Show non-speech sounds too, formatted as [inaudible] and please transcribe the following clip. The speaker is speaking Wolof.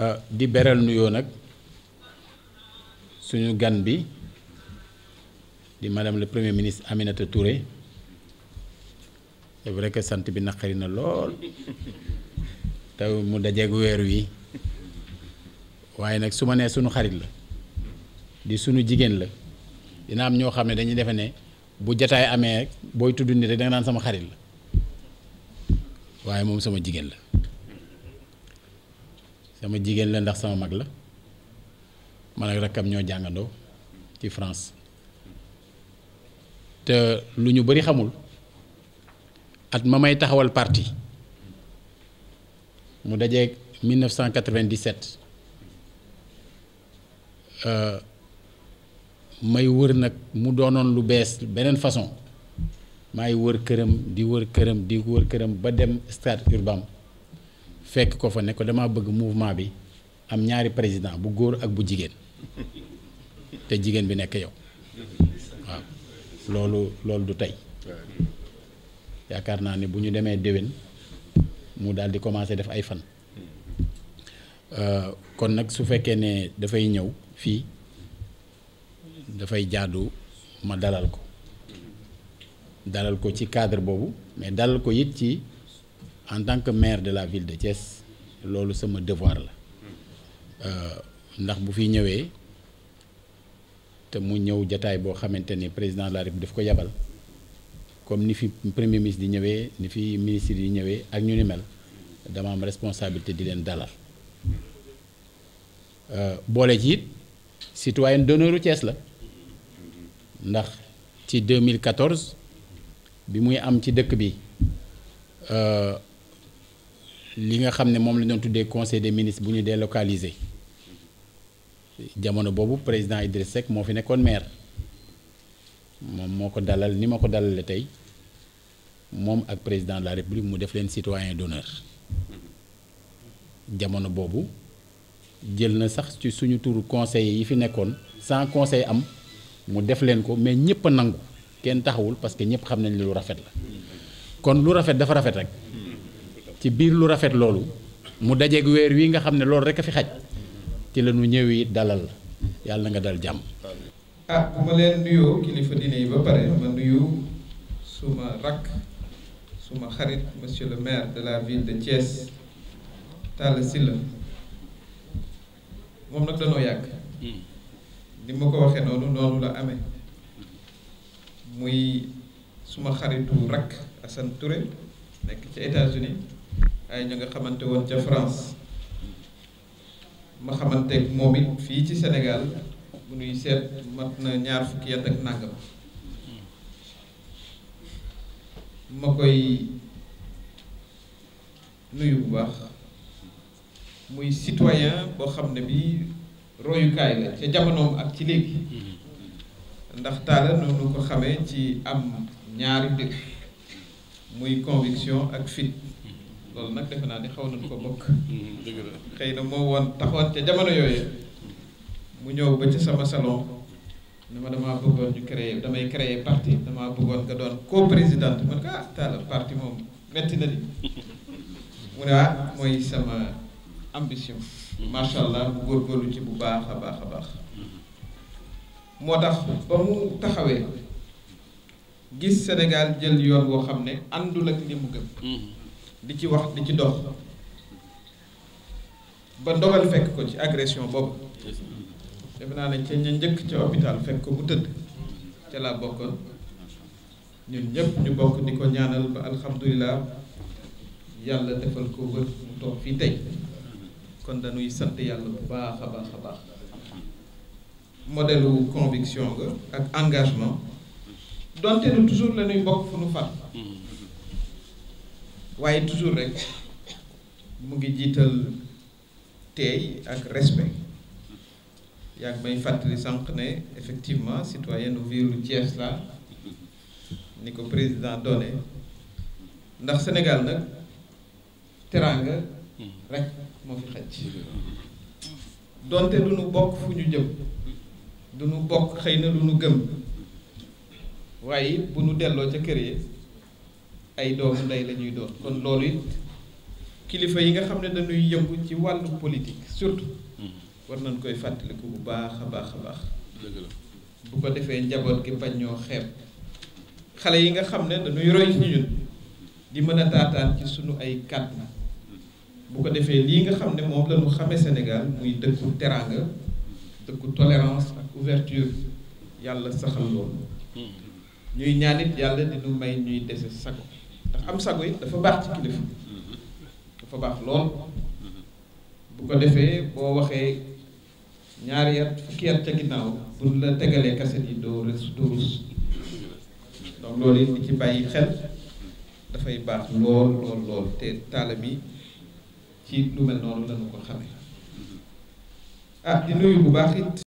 Euh, di beral nuyoo nag suñu gan bi di madame la premier ministre Aminata Touré c'est vrai que sant bi naqari na lool te mu dajeeg weer wi waaye nag su ma nee suñu xarit la di suñu jigéen la dina am ñoo xam ne dañuy defe ne bu jataay amee rek booy tudd nit rek da nga sama xarit la waaye moom sama jigéen la. sama jigéen la ndax sama mag la man ak rakkam ñoo jàngandoo ci France te lu ñu bari xamul at ma may taxawal parti mu dajeeg 1997 euh, may wër nag mu doonoon lu bees beneen façon maay wër këram di wër këram di wër këram ba dem stade Urbam fekk ko fa ne ko damaa bëgg mouvement bi am ñaari président bu góor ak bu jigéen te jigéen bi nekk yow waaw loolu loolu du tey yaakaar naa ne bu ñu demee déwén mu daal di commencer def ay fan euh, kon nag su fekkee ne dafay ñëw fii dafay jaadu ma dalal ko dalal ko ci cadre boobu mais dalal ko it ci en tant que maire de la ville de Thiès loolu sama devoir la euh, ndax bu fi ñëwee te mu ñëw jataay boo xamante ni président de la République daf ko yabal comme ni fi premier ministre di ñëwee ni fi ministre yi ñëwee ak ñu ni mel dama am responsabilité di leen dalal euh, boole ci it citoyen d'honneur u la ndax ci 2014 bi muy am ci dëkk bi. Euh, li nga xam ne moom la ñu doon tuddee conseil des ministres bu ñu délocalisé jamono boobu président Idriss Seck moo fi nekkoon maire moom moo ko dalal ni ma ko dalale tey moom ak président la république mu def leen citoyen d'honneur jamono boobu jël na sax ci suñu turu conseil yi fi nekkoon san conseil am mu def leen ko mais ñëpp a nangu kenn taxawul parce que ñëpp xam nañ lu rafet la kon lu rafet dafa rafet rek. ci biir lu rafet loolu mu dajeeg weer wi nga xam ne loolu rek a fi xaj ci la ñu dalal yàlla nga dal jàmm. ah bu ma leen nuyoo kilifa diine yi ba pare ma nuyu suma rakk suma xarit monsieur le maire de la ville de Thiès Talla Sylla moom nag danoo yàgg. Hmm. ni ma ko waxee noonu noonu la amee muy suma xaritu rakk Assane Touré nekk ci États-Unis ay ñu nga xamante woon ca France ma xamanteeg moom it fii ci Sénégal bu nuy seet mat na ñaar fukki at ak nàngam ma koy nuyu bu baax muy citoyen boo xam ne bi royukaay la ca jamonoom ak ci léegi ndax taala noonu ko xamee ci am ñaari dëkk muy conviction ak fit loolu nag defe naa ni xaw na nañ ko bokk mm-hmm. xëy na moo woon taxoon ca jamono yooyu mu ñëw ba ci sama salon na ma damaa bëggoon ñu créer damay créer parti damaa bëggoon nga doon co-présidente man ko ah taala parti moom metti na di [laughs] mu ne ah mooy sama ambition mm-hmm. macha allah bu góorgóorlu ci bu baax a baax a baax mm-hmm. moo tax ba mu taxawee gis Sénégal jël yoon woo xam ne àndul ak li mu gëm di ci wax di ci dox ba ndogal fekk ko ci agression boobu defe naa ne ca ña njëkk ca hôpital fekk ko bu tëdd ca laa bokkoon ñun ñëpp ñu bokk ni ko ñaanal ba alhamdulilah yàlla defal ko wër mu toog fii tey kon dañuy sant yàlla bu baax a baax a baax modèle conviction nga ak engagement donte nu toujours la bokk fu nu fat waaye toujours rek mu ngi jiital teey ak respect yaa ngi may fàttali sànq ne effectivement citoyen ville lu Thiès la ni ko président doone ndax Sénégal nag teraanga rek moo fi xaj donte du nu bokk fu ñu jëm du nu bokk xëy na lu nu gëm waaye bu nu delloo ca kër yi ay doomu ndey la ñuy doon kon loolu it kilifa yi nga xam ne dañuy yëngu ci wàllu politique surtout mm-hmm. war nañ koy fàttaliku bu baax a baax a baax bu ko defee njaboot gi pañ ñoo xeeb xale yi nga xam ne dañuy roy ci ñun di mën a taataan ci sunu ay kàddu bu ko defee lii nga xam ne moom la ñu xamee Sénégal muy dëkku teraanga dëkku tolérance ak ouverture yàlla saxal loolu mm-hmm. ñuy ñaanit yàlla di ñu may ñuy dese sago am sago yi dafa baax ci kilifa dafa baax lool bu ko defee boo waxee ñaari yat fukki yat ca ginnaaw bu la tegalee kaset yi doo rus doo rus donc loolu it di ci bàyyi xel dafay baax lool lool lool te taala bi ci lu mel noonu lañu ko xamee ah di nuyu bu